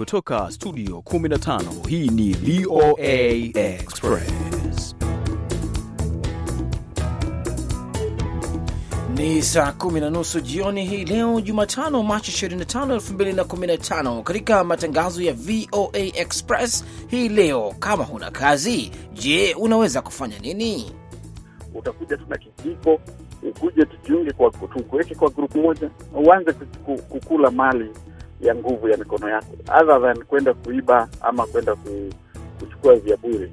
Kutoka studio 15 hii ni VOA Express. Ni saa kumi na nusu jioni hii leo Jumatano, Machi 25, 2015. Katika matangazo ya VOA Express hii leo, kama huna kazi, je, unaweza kufanya nini? Utakuja tuna kijiko, ukuje tujiunge, tukuweke kwa grupu moja, uanze kukula mali ya nguvu ya mikono yako other than kwenda kuiba ama kwenda kuchukua vya bure.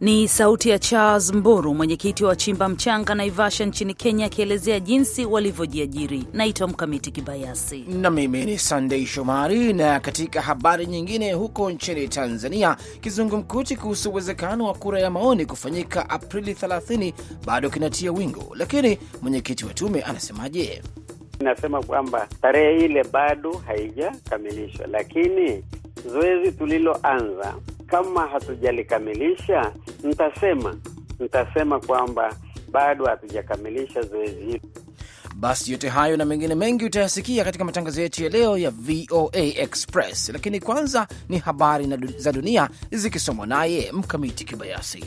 Ni sauti ya Charles Mburu, mwenyekiti wa Chimba Mchanga Naivasha nchini Kenya, akielezea jinsi walivyojiajiri. Naitwa Mkamiti Kibayasi na mimi ni Sandei Shomari. Na katika habari nyingine, huko nchini Tanzania, kizungumkuti kuhusu uwezekano wa kura ya maoni kufanyika Aprili 30 bado kinatia wingo, lakini mwenyekiti wa tume anasemaje? inasema kwamba tarehe ile bado haijakamilishwa, lakini zoezi tuliloanza kama hatujalikamilisha, nitasema nitasema kwamba bado hatujakamilisha zoezi hilo. Basi yote hayo na mengine mengi utayasikia katika matangazo yetu ya leo ya VOA Express, lakini kwanza ni habari za dunia zikisomwa naye Mkamiti Kibayasi.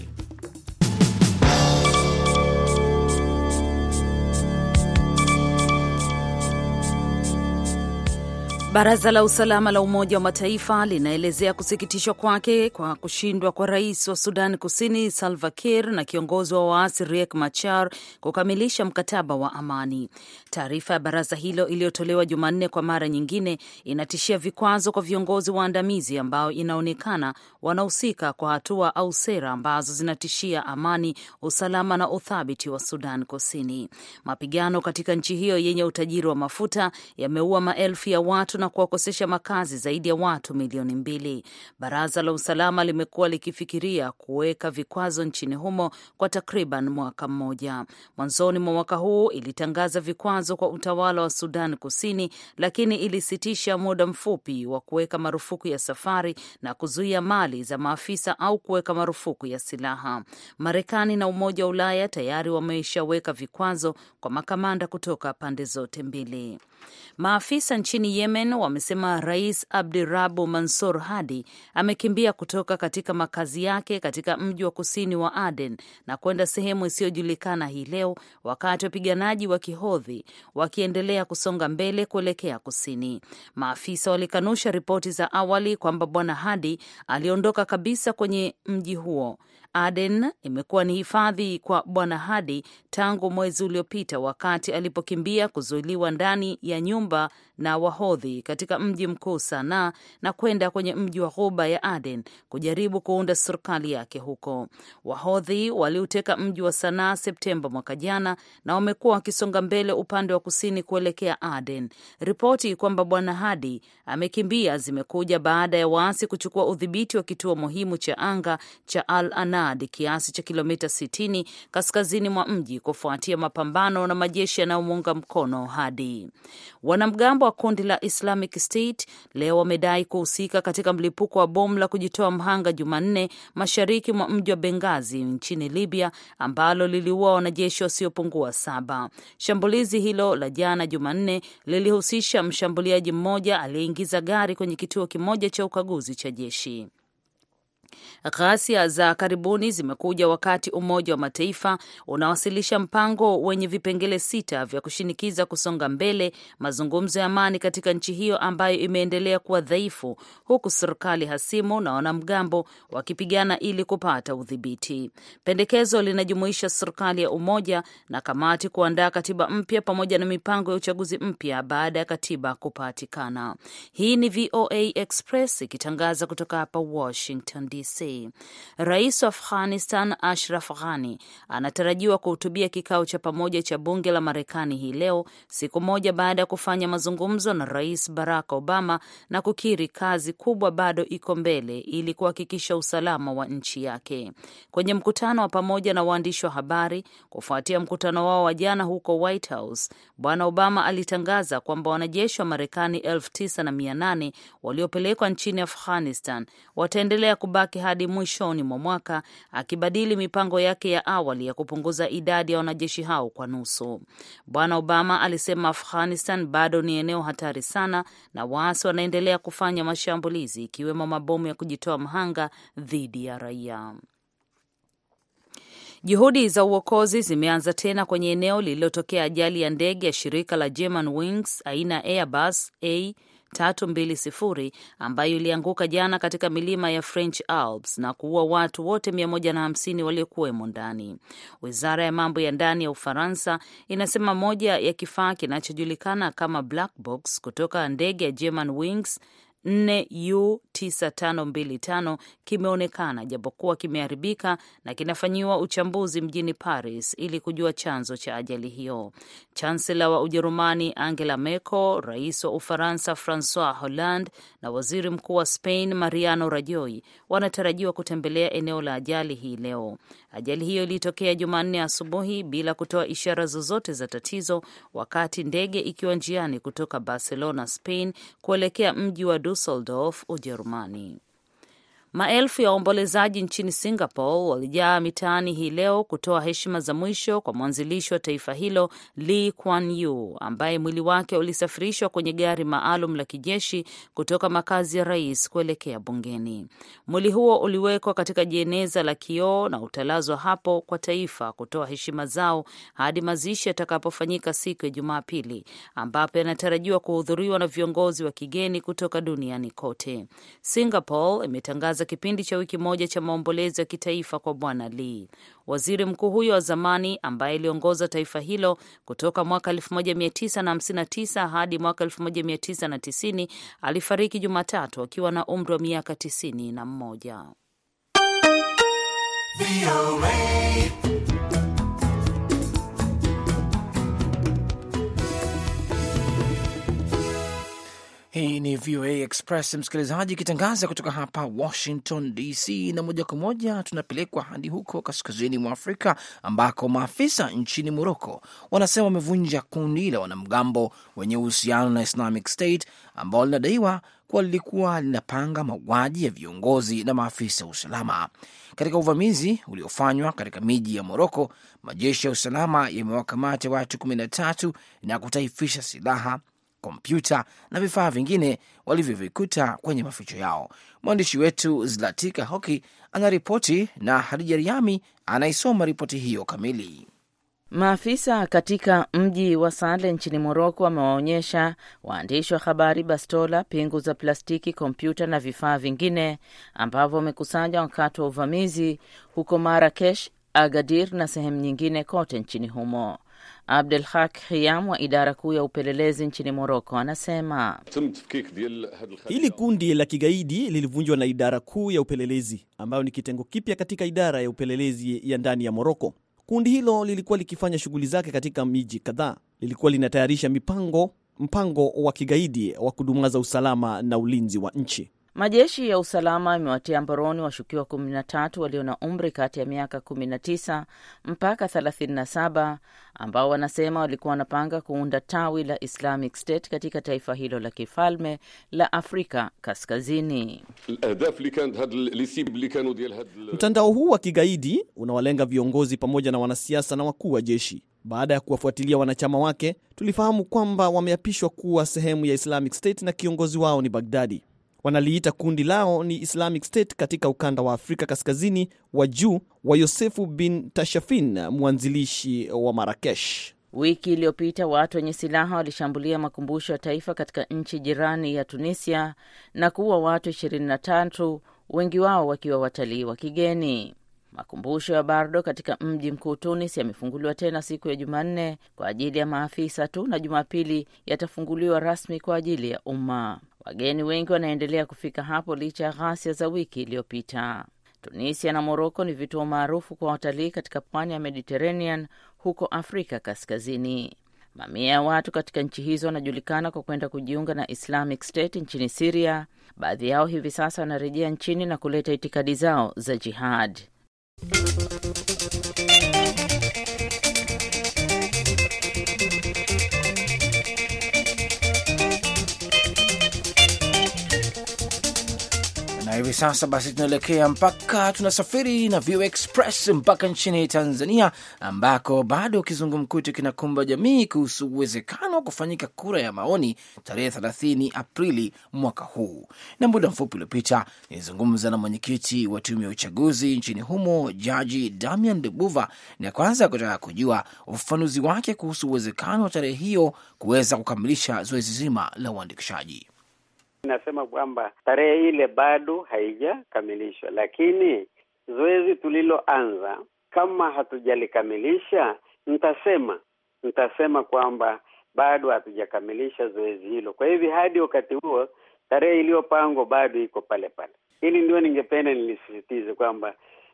Baraza la usalama la Umoja wa Mataifa linaelezea kusikitishwa kwake kwa kushindwa kwa rais wa Sudan Kusini Salva Kiir na kiongozi wa waasi Riek Machar kukamilisha mkataba wa amani. Taarifa ya baraza hilo iliyotolewa Jumanne kwa mara nyingine inatishia vikwazo kwa viongozi waandamizi ambao inaonekana wanahusika kwa hatua au sera ambazo zinatishia amani, usalama na uthabiti wa Sudan Kusini. Mapigano katika nchi hiyo yenye utajiri wa mafuta yameua maelfu ya watu na kuwakosesha makazi zaidi ya watu milioni mbili. Baraza la usalama limekuwa likifikiria kuweka vikwazo nchini humo kwa takriban mwaka mmoja. Mwanzoni mwa mwaka huu ilitangaza vikwazo kwa utawala wa Sudan Kusini, lakini ilisitisha muda mfupi wa kuweka marufuku ya safari na kuzuia mali za maafisa au kuweka marufuku ya silaha. Marekani na Umoja wa Ulaya tayari wameshaweka vikwazo kwa makamanda kutoka pande zote mbili. Maafisa nchini Yemen wamesema Rais Abdirabu Mansur Hadi amekimbia kutoka katika makazi yake katika mji wa kusini wa Aden na kwenda sehemu isiyojulikana hii leo, wakati wapiganaji wa kihodhi wakiendelea kusonga mbele kuelekea kusini. Maafisa walikanusha ripoti za awali kwamba Bwana Hadi aliondoka kabisa kwenye mji huo. Aden imekuwa ni hifadhi kwa Bwana Hadi tangu mwezi uliopita wakati alipokimbia kuzuiliwa ndani ya nyumba na Wahodhi katika mji mkuu Sanaa na kwenda kwenye mji wa Ghuba ya Aden kujaribu kuunda serikali yake huko. Wahodhi waliuteka mji wa Sanaa Septemba mwaka jana na wamekuwa wakisonga mbele upande wa kusini kuelekea Aden. Ripoti kwamba Bwana Hadi amekimbia zimekuja baada ya waasi kuchukua udhibiti wa kituo muhimu cha anga cha Al Anad kiasi cha kilomita 60 kaskazini mwa mji kufuatia mapambano na majeshi yanayomuunga mkono Hadi. Wanamgambo wanamgambo wa kundi la Islamic State leo wamedai kuhusika katika mlipuko wa bomu la kujitoa mhanga Jumanne mashariki mwa mji wa Bengazi nchini Libya ambalo liliua wanajeshi wasiopungua saba. Shambulizi hilo la jana Jumanne lilihusisha mshambuliaji mmoja aliyeingiza gari kwenye kituo kimoja cha ukaguzi cha jeshi. Ghasia za karibuni zimekuja wakati Umoja wa Mataifa unawasilisha mpango wenye vipengele sita vya kushinikiza kusonga mbele mazungumzo ya amani katika nchi hiyo ambayo imeendelea kuwa dhaifu, huku serikali hasimu na wanamgambo wakipigana ili kupata udhibiti. Pendekezo linajumuisha serikali ya umoja na kamati kuandaa katiba mpya pamoja na mipango ya uchaguzi mpya baada ya katiba kupatikana. Hii ni VOA Express ikitangaza kutoka hapa Washington DC. ICC. Rais wa Afghanistan Ashraf Ghani anatarajiwa kuhutubia kikao cha pamoja cha bunge la Marekani hii leo, siku moja baada ya kufanya mazungumzo na Rais Barack Obama na kukiri kazi kubwa bado iko mbele ili kuhakikisha usalama wa nchi yake. Kwenye mkutano wa pamoja na waandishi wa habari kufuatia mkutano wao wa jana huko White House, Bwana Obama alitangaza kwamba wanajeshi wa Marekani elfu tisa na mia nane waliopelekwa nchini Afghanistan wataendelea kubaki wake hadi mwishoni mwa mwaka, akibadili mipango yake ya awali ya kupunguza idadi ya wanajeshi hao kwa nusu. Bwana Obama alisema Afghanistan bado ni eneo hatari sana na waasi wanaendelea kufanya mashambulizi, ikiwemo mabomu ya kujitoa mhanga dhidi ya raia. Juhudi za uokozi zimeanza tena kwenye eneo lililotokea ajali ya ndege ya shirika la German Wings aina ya Airbus A 320 ambayo ilianguka jana katika milima ya French Alps na kuua watu wote 150 waliokuwemo ndani. Wizara ya mambo ya ndani ya Ufaransa inasema moja ya kifaa kinachojulikana kama black box kutoka ndege ya German Wings 4U9525 kimeonekana japokuwa kimeharibika na kinafanyiwa uchambuzi mjini Paris ili kujua chanzo cha ajali hiyo. Chansela wa Ujerumani Angela Merkel, rais wa Ufaransa Francois Hollande na waziri mkuu wa Spain Mariano Rajoy wanatarajiwa kutembelea eneo la ajali hii leo. Ajali hiyo ilitokea Jumanne asubuhi bila kutoa ishara zozote za tatizo, wakati ndege ikiwa njiani kutoka Barcelona, Spain kuelekea mji wa Düsseldorf, Ujerumani. Maelfu ya waombolezaji nchini Singapore walijaa mitaani hii leo kutoa heshima za mwisho kwa mwanzilishi wa taifa hilo Lee Kuan Yew ambaye mwili wake ulisafirishwa kwenye gari maalum la kijeshi kutoka makazi ya rais kuelekea bungeni. Mwili huo uliwekwa katika jeneza la kioo na utalazwa hapo kwa taifa kutoa heshima zao hadi mazishi yatakapofanyika siku ya Jumapili, ambapo yanatarajiwa kuhudhuriwa na viongozi wa kigeni kutoka duniani kote. Singapore imetangaza kuongoza kipindi cha wiki moja cha maombolezo ya kitaifa kwa Bwana Lee. Waziri mkuu huyo wa zamani ambaye aliongoza taifa hilo kutoka mwaka 1959 hadi mwaka 1990 alifariki Jumatatu akiwa na umri wa miaka 91. Hii ni VOA Express msikilizaji, ikitangaza kutoka hapa Washington DC, na moja kwa moja tunapelekwa hadi huko kaskazini mwa Afrika ambako maafisa nchini Moroko wanasema wamevunja kundi la wanamgambo wenye uhusiano na Islamic State ambao linadaiwa kuwa lilikuwa linapanga mauaji ya viongozi na maafisa wa usalama. Katika uvamizi uliofanywa katika miji ya Moroko, majeshi ya usalama yamewakamata watu 13 na kutaifisha silaha kompyuta na vifaa vingine walivyovikuta kwenye maficho yao. Mwandishi wetu Zlatika Hoki anaripoti na Hadija Riami anaisoma ripoti hiyo kamili. Maafisa katika mji wa Sale nchini Moroko wamewaonyesha waandishi wa habari bastola, pingu za plastiki, kompyuta na vifaa vingine ambavyo wamekusanya wakati wa uvamizi huko Marakesh, Agadir na sehemu nyingine kote nchini humo abdul Hak Hiyam wa idara kuu ya upelelezi nchini Moroko anasema hili kundi la kigaidi lilivunjwa na idara kuu ya upelelezi ambayo ni kitengo kipya katika idara ya upelelezi ya ndani ya Moroko. Kundi hilo lilikuwa likifanya shughuli zake katika miji kadhaa, lilikuwa linatayarisha mipango mpango wa kigaidi wa kudumaza usalama na ulinzi wa nchi. Majeshi ya usalama yamewatia mbaroni washukiwa 13 walio na umri kati ya miaka 19 mpaka 37 ambao wanasema walikuwa wanapanga kuunda tawi la Islamic State katika taifa hilo la kifalme la Afrika Kaskazini. Mtandao huu wa kigaidi unawalenga viongozi pamoja na wanasiasa na wakuu wa jeshi. Baada ya kuwafuatilia wanachama wake, tulifahamu kwamba wameapishwa kuwa sehemu ya Islamic State na kiongozi wao ni Bagdadi. Wanaliita kundi lao ni Islamic State katika ukanda wa Afrika kaskazini wa juu wa Yosefu bin Tashafin, mwanzilishi wa Marakesh. Wiki iliyopita watu wenye silaha walishambulia makumbusho ya taifa katika nchi jirani ya Tunisia na kuua watu 23, wengi wao wakiwa watalii wa kigeni. Makumbusho ya Bardo katika mji mkuu Tunis yamefunguliwa tena siku ya Jumanne kwa ajili ya maafisa tu na Jumapili yatafunguliwa rasmi kwa ajili ya umma. Wageni wengi wanaendelea kufika hapo licha ya ghasia za wiki iliyopita. Tunisia na Moroko ni vituo maarufu kwa watalii katika pwani ya Mediterranean huko Afrika Kaskazini. Mamia ya watu katika nchi hizo wanajulikana kwa kwenda kujiunga na Islamic State nchini Siria. Baadhi yao hivi sasa wanarejea nchini na kuleta itikadi zao za jihad. na hivi sasa basi tunaelekea mpaka tunasafiri na View Express mpaka nchini Tanzania, ambako bado kizungumkuti kinakumba jamii kuhusu uwezekano wa kufanyika kura ya maoni tarehe 30 Aprili mwaka huu. Na muda mfupi uliopita nilizungumza na mwenyekiti wa tume ya uchaguzi nchini humo Jaji Damian Lubuva, na kwanza kutaka kujua ufafanuzi wake kuhusu uwezekano wa tarehe hiyo kuweza kukamilisha zoezi zima la uandikishaji. Nasema kwamba tarehe ile bado haijakamilishwa, lakini zoezi tuliloanza kama hatujalikamilisha, nitasema nitasema kwamba bado hatujakamilisha zoezi hilo. Kwa hivyo hadi wakati huo tarehe iliyopangwa bado iko pale pale. Hili ndio ningependa nilisisitize kwamba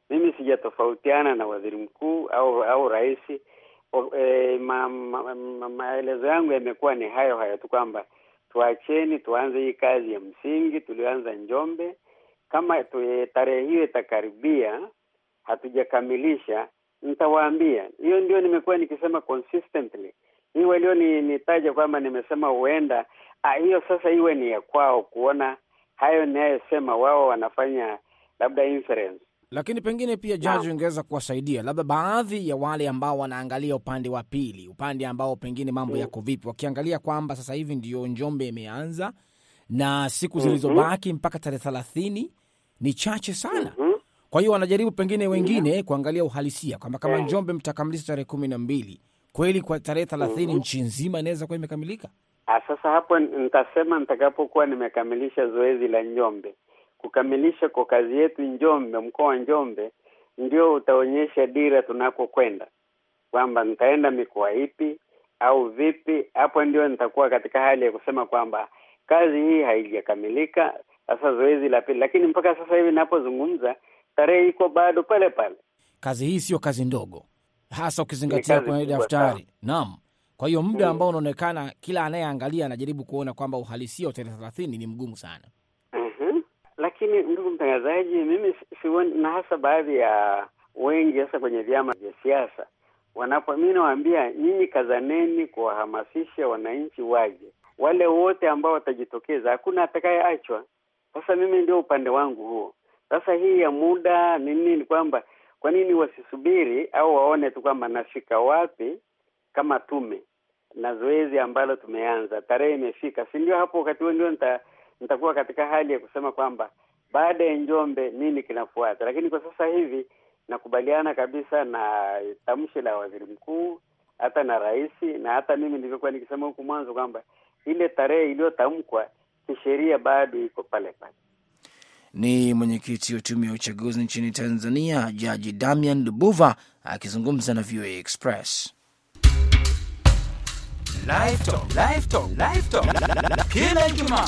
mimi sijatofautiana na waziri mkuu au au rais. E, maelezo eh, ma, ma, ma, yangu yamekuwa ni hayo hayo tu kwamba tuacheni tuanze hii kazi ya msingi tulioanza Njombe. Kama eh, tarehe hiyo itakaribia hatujakamilisha, nitawaambia. Hiyo ndio nimekuwa nikisema consistently. Hii nitaja kwamba nimesema huenda ah, hiyo sasa iwe ni ya kwao kuona hayo ninayosema, wao wanafanya labda inference lakini pengine pia jaji ingeweza kuwasaidia labda baadhi ya wale ambao wanaangalia upande wa pili, upande ambao pengine mambo mm. yako vipi, wakiangalia kwamba sasa hivi ndio Njombe imeanza na siku mm -hmm. zilizobaki mpaka tarehe thelathini ni chache sana mm -hmm. kwa hiyo wanajaribu pengine wengine yeah. Mhm. kuangalia uhalisia kwamba kama eh. Njombe mtakamilisha tarehe kumi na mbili kweli kwa tarehe thelathini mm -hmm. nchi nzima inaweza kuwa imekamilika. Ah, sasa hapo nitasema nitakapokuwa nimekamilisha zoezi la Njombe kukamilisha kwa kazi yetu Njombe, mkoa wa Njombe ndio utaonyesha dira tunakokwenda, kwamba nitaenda mikoa ipi au vipi. Hapo ndio nitakuwa katika hali ya kusema kwamba kazi hii haijakamilika, sasa zoezi la pili. Lakini mpaka sasa hivi napozungumza, tarehe iko bado pale pale. Kazi hii siyo kazi ndogo, hasa ukizingatia kwenye daftari. Naam. Kwa hiyo muda mm. ambao unaonekana kila anayeangalia anajaribu kuona kwamba uhalisia wa tarehe thelathini ni mgumu sana. Lakini ndugu mtangazaji, mimi sioni, na hasa baadhi ya wengi, hasa kwenye vyama vya siasa wanapo, mi nawaambia nyinyi, kazaneni kuwahamasisha wananchi waje, wale wote ambao watajitokeza, hakuna atakayeachwa. Sasa mimi ndio upande wangu huo. Sasa hii ya muda nini, ni kwamba kwa nini wasisubiri au waone tu kwamba nafika wapi kama tume na zoezi ambalo tumeanza, tarehe imefika, si ndio? Hapo wakati huo ndio nitakuwa katika hali ya kusema kwamba baada ya Njombe nini kinafuata. Lakini kwa sasa hivi nakubaliana kabisa na tamshi la waziri mkuu hata na rais, na hata mimi nilivyokuwa nikisema huku mwanzo kwamba ile tarehe iliyotamkwa kisheria bado iko pale pale. Ni mwenyekiti wa tume ya uchaguzi nchini Tanzania, Jaji Damian Lubuva akizungumza na VOA Express. Live Talk, Live Talk, Live Talk kila Ijumaa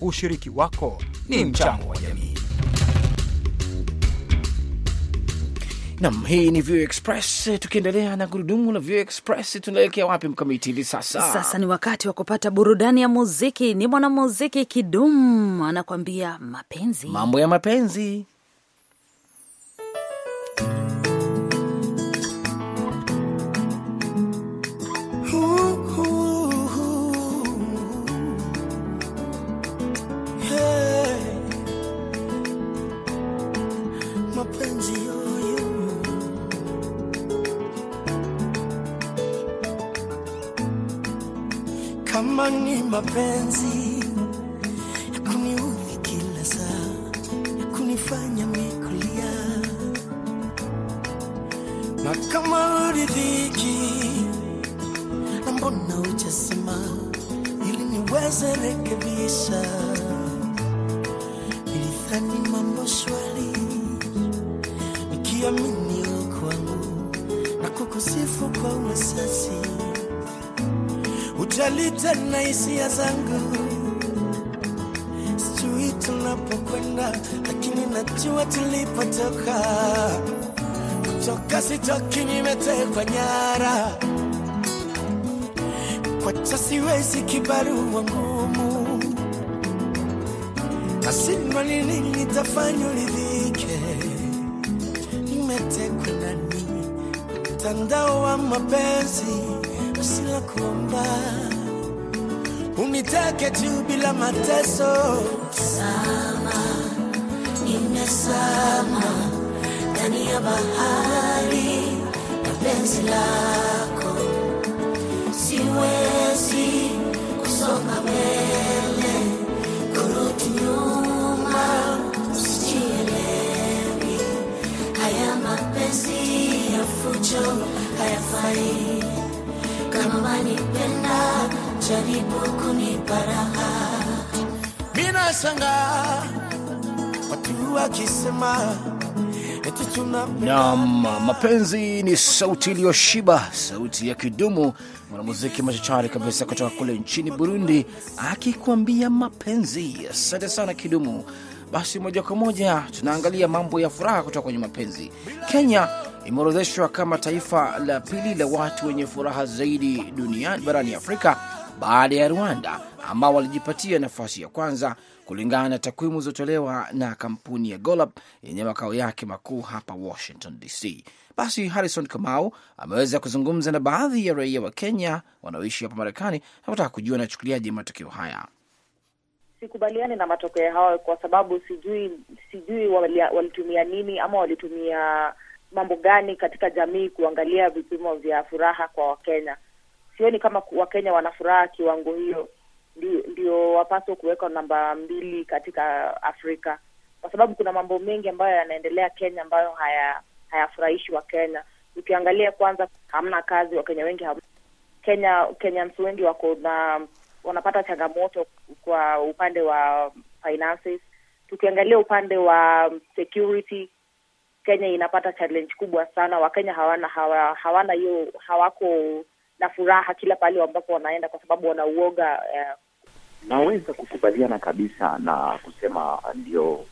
Ushiriki wako ni mchango wa jamii. Nam, hii ni View Express. Tukiendelea na gurudumu la View Express, tunaelekea wapi Mkamiti hivi sasa? Sasa ni wakati wa kupata burudani ya muziki. Ni mwanamuziki Kidum anakuambia mapenzi, mambo ya mapenzi my mapenzi nilipotoka kutoka, sitoki, nimetekwa nyara kwacha, siwezi kibarua ngumu, nasinwa nini nitafanya uridhike. Nimetekwa nani nini? Mtandao wa mapenzi usila kuomba, unitake tu bila mateso nimezama ndani ya bahari na penzi lako, siwezi kusonga mbele, kurudi nyuma, sijielewi. Haya mapenzi ya fujo hayafai. Kama wanipenda, jaribu kunipa raha. Minashangaa Naam, mapenzi ni sauti iliyoshiba, sauti ya kidumu, mwanamuziki machachari kabisa kutoka kule nchini Burundi akikuambia mapenzi. Asante sana Kidumu. Basi moja kwa moja tunaangalia mambo ya furaha kutoka kwenye mapenzi. Kenya imeorodheshwa kama taifa la pili la watu wenye furaha zaidi duniani barani Afrika baada ya Rwanda ambao walijipatia nafasi ya kwanza kulingana na takwimu zilizotolewa na kampuni ya Gallup yenye makao yake makuu hapa Washington DC. Basi Harrison Kamau ameweza kuzungumza na baadhi ya raia wa Kenya wanaoishi hapa Marekani na kutaka kujua anachukuliaje matokeo haya. Sikubaliani na matokeo hayo kwa sababu sijui, sijui walitumia nini ama walitumia mambo gani katika jamii kuangalia vipimo vya furaha kwa Wakenya sioni kama Wakenya wana furaha kiwango hiyo, ndio wapaswa kuwekwa namba mbili katika Afrika, kwa sababu kuna mambo mengi ambayo yanaendelea Kenya ambayo haya hayafurahishi Wakenya. Ukiangalia kwanza, hamna kazi, Wakenya wengi hamna. Kenya Kenyans wengi wako na wanapata changamoto kwa upande wa finances. Tukiangalia upande wa security, Kenya inapata challenge kubwa sana. Wakenya hawana hawana hiyo hawako na furaha kila pale ambapo wanaenda, kwa sababu uoga eh. Naweza kukubaliana kabisa na kusema ndio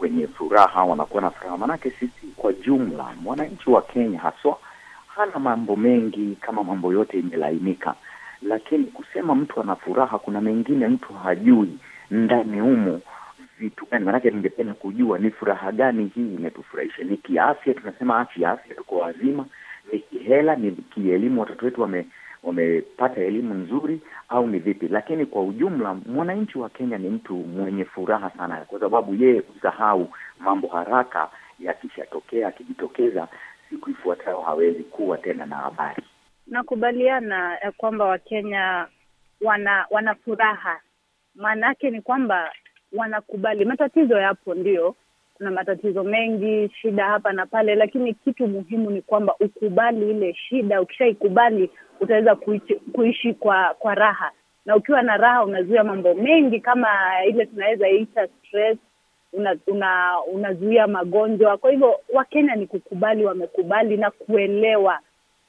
wenye furaha wanakuwa na furaha, maanake sisi kwa jumla, mwananchi wa Kenya haswa hana mambo mengi, kama mambo yote imelainika. Lakini kusema mtu ana furaha, kuna mengine mtu hajui ndani humo vitu gani. Maanake ningependa kujua ni furaha gani hii imetufurahisha, ni kiafya. Tunasema ah, afya, afya, tuko wazima hela ni kielimu, watoto wetu wame wamepata elimu nzuri au ni vipi? Lakini kwa ujumla mwananchi wa Kenya ni mtu mwenye furaha sana, kwa sababu yeye husahau mambo haraka. Yakishatokea, akijitokeza siku ifuatayo hawezi kuwa tena na habari. Nakubaliana eh, kwamba Wakenya wana wana furaha, maana yake ni kwamba wanakubali matatizo yapo, ndio na matatizo mengi, shida hapa na pale, lakini kitu muhimu ni kwamba ukubali ile shida. Ukishaikubali utaweza kuishi, kuishi kwa kwa raha, na ukiwa na raha unazuia mambo mengi kama ile tunaweza ita stress, una, una, unazuia magonjwa. Kwa hivyo Wakenya ni kukubali, wamekubali na kuelewa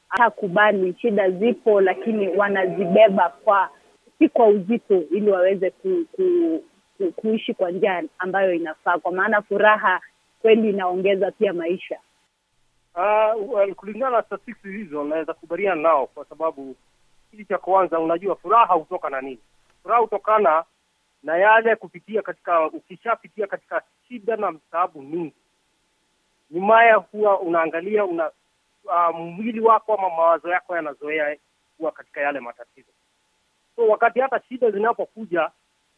hakubali shida zipo, lakini wanazibeba kwa si kwa uzito, ili waweze ku, ku, kuishi kwa njia ambayo inafaa, kwa maana furaha kweli inaongeza pia maisha. Uh, well, kulingana na statistics hizo naweza kubaliana nao, kwa sababu kitu cha kwanza, unajua furaha hutoka na nini? Furaha hutokana na yale kupitia katika, ukishapitia katika shida na msaabu mingi, nyumaya huwa unaangalia una uh, mwili wako ama mawazo yako yanazoea kuwa katika yale matatizo. So wakati hata shida zinapokuja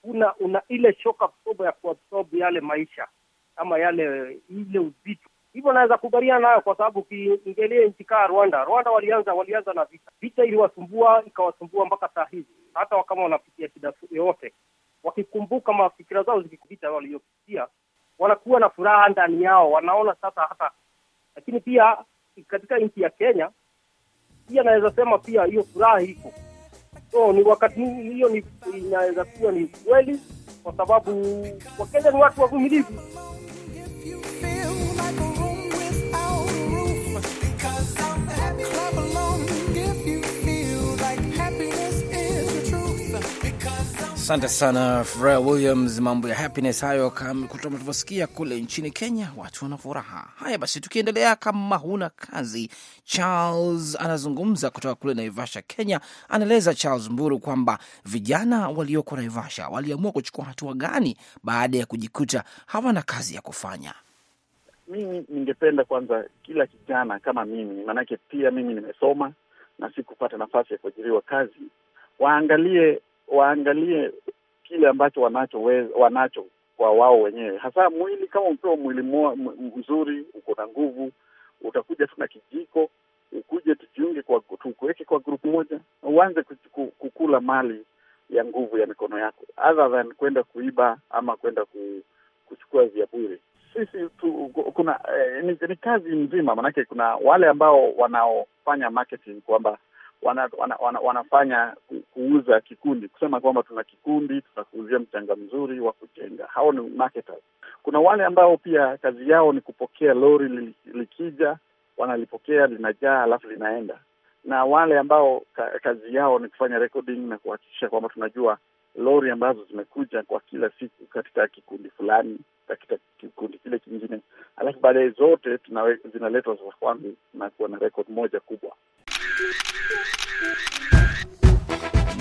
una, una ile shoka kubwa ya kuabsorb yale maisha ama yale ile uzito hivyo naweza kubaliana nayo kwa sababu ukiingelia nchi kaa Rwanda, Rwanda walianza walianza na vita, vita iliwasumbua ikawasumbua mpaka saa hizi, hata kama wanapitia shida yoyote, wakikumbuka mafikira zao zikivita waliopitia, wanakuwa na furaha ndani yao, wanaona sasa hata. Lakini pia katika nchi ya Kenya pia naweza sema pia hiyo furaha iko So ni wakati hiyo ni inaweza kuwa ni kweli, kwa sababu Wakenya ni watu wavumilivu. Asante sana Pharrell Williams, mambo ya happiness hayo kama tulivyosikia kule nchini Kenya, watu wana furaha. Haya basi, tukiendelea, kama huna kazi, Charles anazungumza kutoka kule Naivasha, Kenya. Anaeleza Charles Mburu kwamba vijana walioko Naivasha waliamua kuchukua hatua gani baada ya kujikuta hawana kazi ya kufanya. Mimi ningependa kwanza, kila kijana kama mimi, maanake pia mimi nimesoma na sikupata nafasi ya kuajiriwa kazi, waangalie waangalie kile ambacho wanacho we, wanacho kwa wao wenyewe, hasa mwili. Kama umpewa mwili mzuri, uko na nguvu, utakuja tu na kijiko, ukuje tujiunge, tukuweke kwa grupu moja, uanze kukula mali ya nguvu ya mikono yako, other than kwenda kuiba ama kwenda kuchukua vya bure. Sisi tu, kuna eh, ni, ni kazi nzima, maanake kuna wale ambao wanaofanya marketing kwamba wana, wana, wana, wanafanya kuuza kikundi, kusema kwamba tuna kikundi, tunakuuzia mchanga mzuri wa kujenga. Hao ni marketers. Kuna wale ambao pia kazi yao ni kupokea lori likija, wanalipokea linajaa, alafu linaenda, na wale ambao kazi yao ni kufanya recording na kuhakikisha kwamba tunajua lori ambazo zimekuja kwa kila siku katika kikundi fulani katika kikundi kile kingine, alafu baadaye zote zinaletwa kwangu na kuwa na record moja kubwa. Thank you.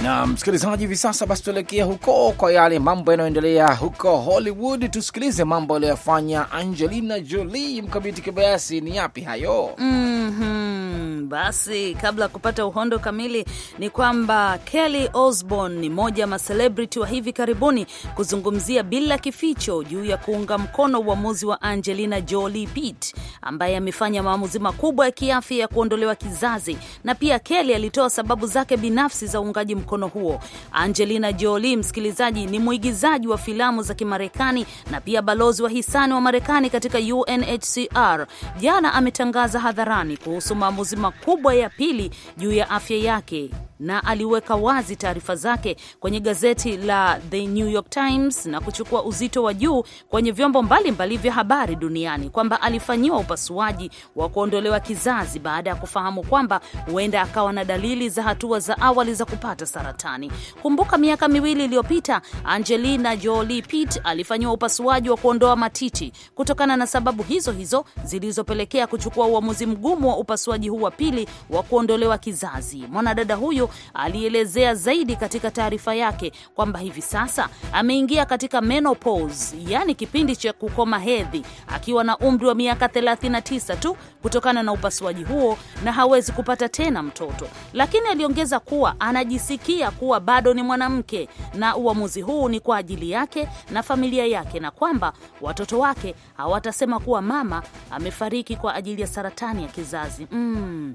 na msikilizaji, hivi sasa basi tuelekea huko kwa yale mambo yanayoendelea huko Hollywood. Tusikilize mambo aliyoyafanya Angelina Jolie. Mkabiti kibayasi ni yapi hayo? mm -hmm. Basi kabla ya kupata uhondo kamili, ni kwamba Kelly Osbourne ni moja ya macelebrity wa hivi karibuni kuzungumzia bila kificho juu ya kuunga mkono uamuzi wa Angelina Jolie Pitt ambaye amefanya maamuzi makubwa ya kiafya ya kuondolewa kizazi, na pia Kelly alitoa sababu zake binafsi za uungaji mkono mkono huo. Angelina Jolie, msikilizaji, ni mwigizaji wa filamu za Kimarekani na pia balozi wa hisani wa Marekani katika UNHCR. Jana ametangaza hadharani kuhusu maamuzi makubwa ya pili juu ya afya yake na aliweka wazi taarifa zake kwenye gazeti la The New York Times na kuchukua uzito wa juu kwenye vyombo mbalimbali vya habari duniani kwamba alifanyiwa upasuaji wa kuondolewa kizazi baada ya kufahamu kwamba huenda akawa na dalili za hatua za awali za kupata saratani. Kumbuka miaka miwili iliyopita Angelina Jolie Pitt alifanyiwa upasuaji wa kuondoa matiti kutokana na sababu hizo hizo zilizopelekea kuchukua uamuzi mgumu wa upasuaji huu wa pili wa kuondolewa kizazi. Mwanadada huyu alielezea zaidi katika taarifa yake kwamba hivi sasa ameingia katika menopause, yani kipindi cha kukoma hedhi, akiwa na umri wa miaka 39 tu kutokana na upasuaji huo, na hawezi kupata tena mtoto, lakini aliongeza kuwa anajisikia anajisikia kuwa bado ni mwanamke na uamuzi huu ni kwa ajili yake na familia yake, na kwamba watoto wake hawatasema kuwa mama amefariki kwa ajili ya saratani ya kizazi. Mm,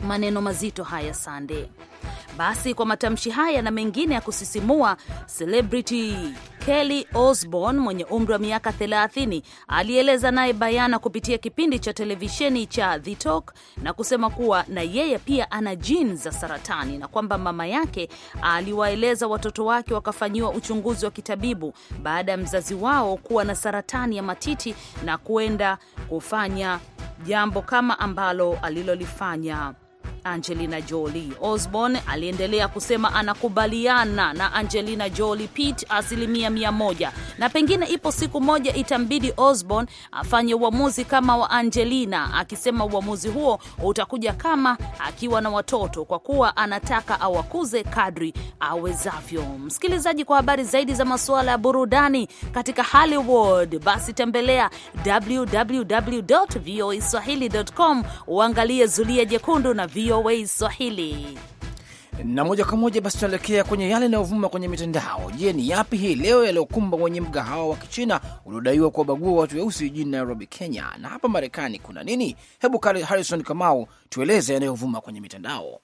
maneno mazito haya Sande. Basi kwa matamshi haya na mengine ya kusisimua, celebrity Kelly Osbourne mwenye umri wa miaka 30 alieleza naye bayana kupitia kipindi cha televisheni cha The Talk na kusema kuwa na yeye pia ana jini za saratani na kwamba mama yake aliwaeleza watoto wake wakafanyiwa uchunguzi wa kitabibu baada ya mzazi wao kuwa na saratani ya matiti na kuenda kufanya jambo kama ambalo alilolifanya Angelina Jolie. Osborne aliendelea kusema anakubaliana na Angelina Jolie Pitt asilimia mia moja, na pengine ipo siku moja itambidi Osborne afanye uamuzi kama wa Angelina, akisema uamuzi huo utakuja kama akiwa na watoto, kwa kuwa anataka awakuze kadri awezavyo. Msikilizaji, kwa habari zaidi za masuala ya burudani katika Hollywood, basi tembelea www.voaswahili.com, uangalie Zulia Jekundu na VOA VOA Swahili na moja kwa moja basi tunaelekea kwenye yale yanayovuma kwenye mitandao. Je, ni yapi hii leo yaliyokumba wenye mgahawa wa kichina uliodaiwa kuwabagua watu weusi jijini Nairobi, Kenya? Na hapa Marekani kuna nini? Hebu Harrison Kamau tueleze yanayovuma kwenye mitandao.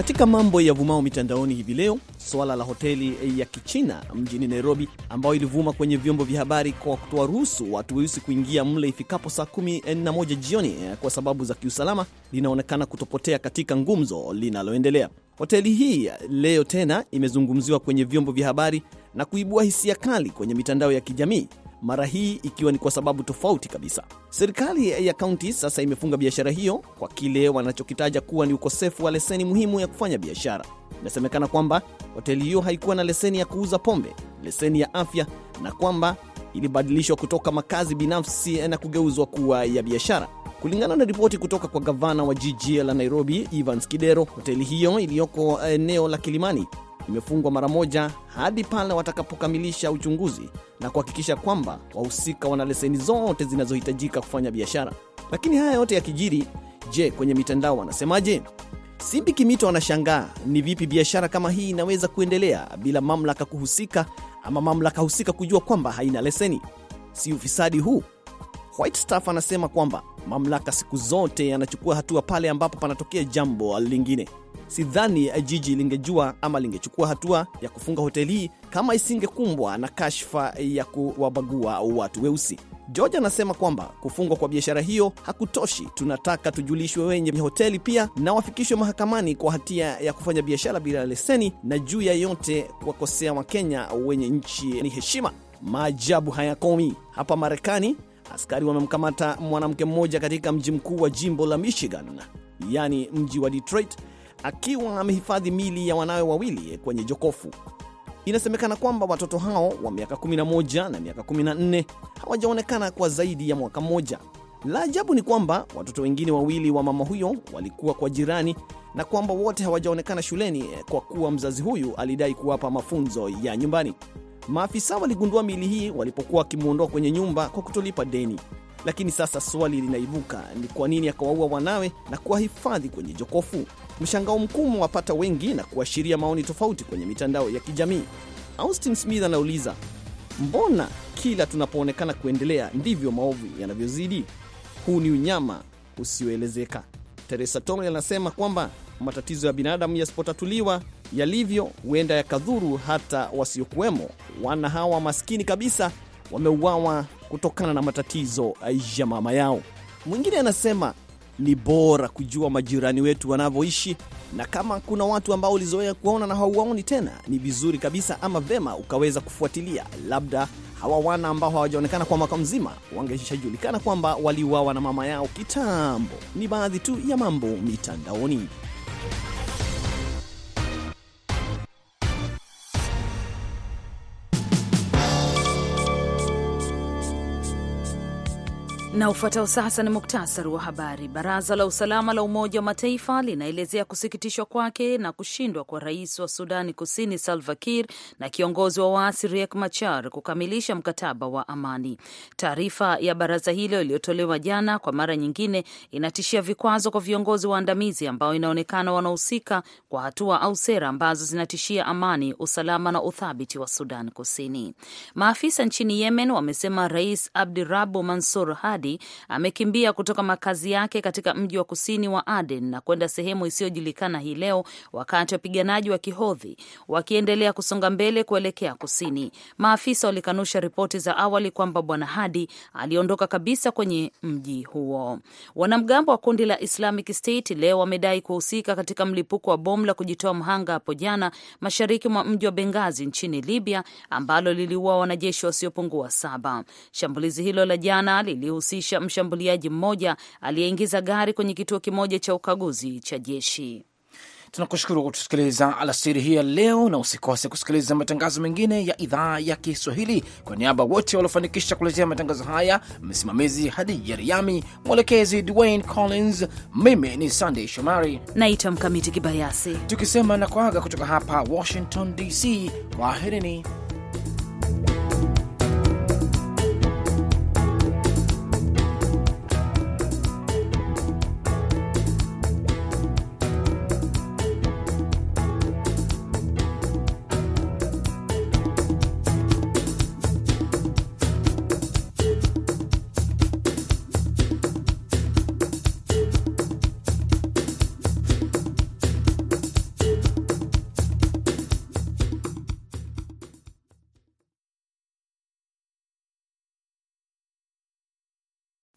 Katika mambo ya vumao mitandaoni hivi leo, suala la hoteli ya Kichina mjini Nairobi ambayo ilivuma kwenye vyombo vya habari kwa kutoa ruhusu watu weusi kuingia mle ifikapo saa kumi na moja jioni eh, kwa sababu za kiusalama linaonekana kutopotea katika ngumzo linaloendelea. Hoteli hii eh, leo tena imezungumziwa kwenye vyombo vya habari na kuibua hisia kali kwenye mitandao ya kijamii mara hii ikiwa ni kwa sababu tofauti kabisa. Serikali ya kaunti sasa imefunga biashara hiyo kwa kile wanachokitaja kuwa ni ukosefu wa leseni muhimu ya kufanya biashara. Inasemekana kwamba hoteli hiyo haikuwa na leseni ya kuuza pombe, leseni ya afya, na kwamba ilibadilishwa kutoka makazi binafsi na kugeuzwa kuwa ya biashara. Kulingana na ripoti kutoka kwa gavana wa jiji la Nairobi, Evans Kidero, hoteli hiyo iliyoko eneo la Kilimani imefungwa mara moja hadi pale watakapokamilisha uchunguzi na kuhakikisha kwamba wahusika wana leseni zote zinazohitajika kufanya biashara. Lakini haya yote yakijiri, je, kwenye mitandao wanasemaje? Simbi Kimito anashangaa ni vipi biashara kama hii inaweza kuendelea bila mamlaka kuhusika ama mamlaka husika kujua kwamba haina leseni. Si ufisadi huu? White Staff anasema kwamba mamlaka siku zote yanachukua hatua pale ambapo panatokea jambo lingine sidhani eh, jiji lingejua ama lingechukua hatua ya kufunga hoteli hii kama isingekumbwa na kashfa eh, ya kuwabagua watu weusi. George anasema kwamba kufungwa kwa biashara hiyo hakutoshi. Tunataka tujulishwe wenye hoteli pia na wafikishwe mahakamani kwa hatia ya kufanya biashara bila leseni, na juu ya yote kuwakosea Wakenya wenye nchi ni heshima. Maajabu hayakomi hapa Marekani. Askari wamemkamata mwanamke mmoja katika mji mkuu wa jimbo la Michigan, yaani mji wa Detroit, akiwa amehifadhi mili ya wanawe wawili kwenye jokofu. Inasemekana kwamba watoto hao wa miaka 11 na miaka 14 hawajaonekana kwa zaidi ya mwaka mmoja. La ajabu ni kwamba watoto wengine wawili wa mama huyo walikuwa kwa jirani na kwamba wote hawajaonekana shuleni kwa kuwa mzazi huyu alidai kuwapa mafunzo ya nyumbani. Maafisa waligundua mili hii walipokuwa wakimwondoa kwenye nyumba kwa kutolipa deni. Lakini sasa swali linaibuka, ni kwa nini akawaua wanawe na kuwahifadhi kwenye jokofu? Mshangao mkuu umewapata wengi na kuashiria maoni tofauti kwenye mitandao ya kijamii. Austin Smith anauliza, mbona kila tunapoonekana kuendelea ndivyo maovu yanavyozidi? Huu ni unyama usioelezeka. Teresa Tome anasema kwamba matatizo ya binadamu yasipotatuliwa yalivyo, huenda yakadhuru hata wasiokuwemo, wana hawa maskini kabisa wameuawa kutokana na matatizo ya mama yao. Mwingine anasema ni bora kujua majirani wetu wanavyoishi, na kama kuna watu ambao ulizoea kuwaona na hauwaoni tena, ni vizuri kabisa ama vema ukaweza kufuatilia. Labda hawa wana ambao hawajaonekana kwa mwaka mzima wangeshajulikana kwamba waliuawa na mama yao kitambo. Ni baadhi tu ya mambo mitandaoni. Na ufuatao sasa ni muktasari wa habari. Baraza la usalama la Umoja wa Mataifa linaelezea kusikitishwa kwake na kushindwa kwa rais wa Sudani Kusini Salva Kiir na kiongozi wa waasi Riek Machar kukamilisha mkataba wa amani. Taarifa ya baraza hilo iliyotolewa jana kwa mara nyingine inatishia vikwazo kwa viongozi waandamizi ambao inaonekana wanahusika kwa hatua au sera ambazo zinatishia amani, usalama na uthabiti wa Sudan Kusini. Maafisa nchini Yemen wamesema Rais Abdurabu Mansur Hadi hadi amekimbia kutoka makazi yake katika mji wa kusini wa Aden na kwenda sehemu isiyojulikana hii leo, wakati wapiganaji wa Kihodhi wakiendelea kusonga mbele kuelekea kusini. Maafisa walikanusha ripoti za awali kwamba Bwana Hadi aliondoka kabisa kwenye mji huo. Wanamgambo wa kundi la Islamic State leo wamedai kuhusika katika mlipuko wa bomu la kujitoa mhanga hapo jana mashariki mwa mji wa Bengazi nchini Libya, ambalo liliua wanajeshi wasiopungua saba. Shambulizi hilo la jana lilihusisha kumnusurusha mshambuliaji mmoja aliyeingiza gari kwenye kituo kimoja cha ukaguzi cha jeshi. Tunakushukuru kutusikiliza alasiri hii ya leo, na usikose kusikiliza matangazo mengine ya idhaa ya Kiswahili. Kwa niaba wote waliofanikisha kuletea matangazo haya, msimamizi hadi Riami, mwelekezi Dwayne Collins, mimi ni Sandey Shomari naitwa Mkamiti Kibayasi, tukisema na kuaga kutoka hapa Washington DC. Kwaherini.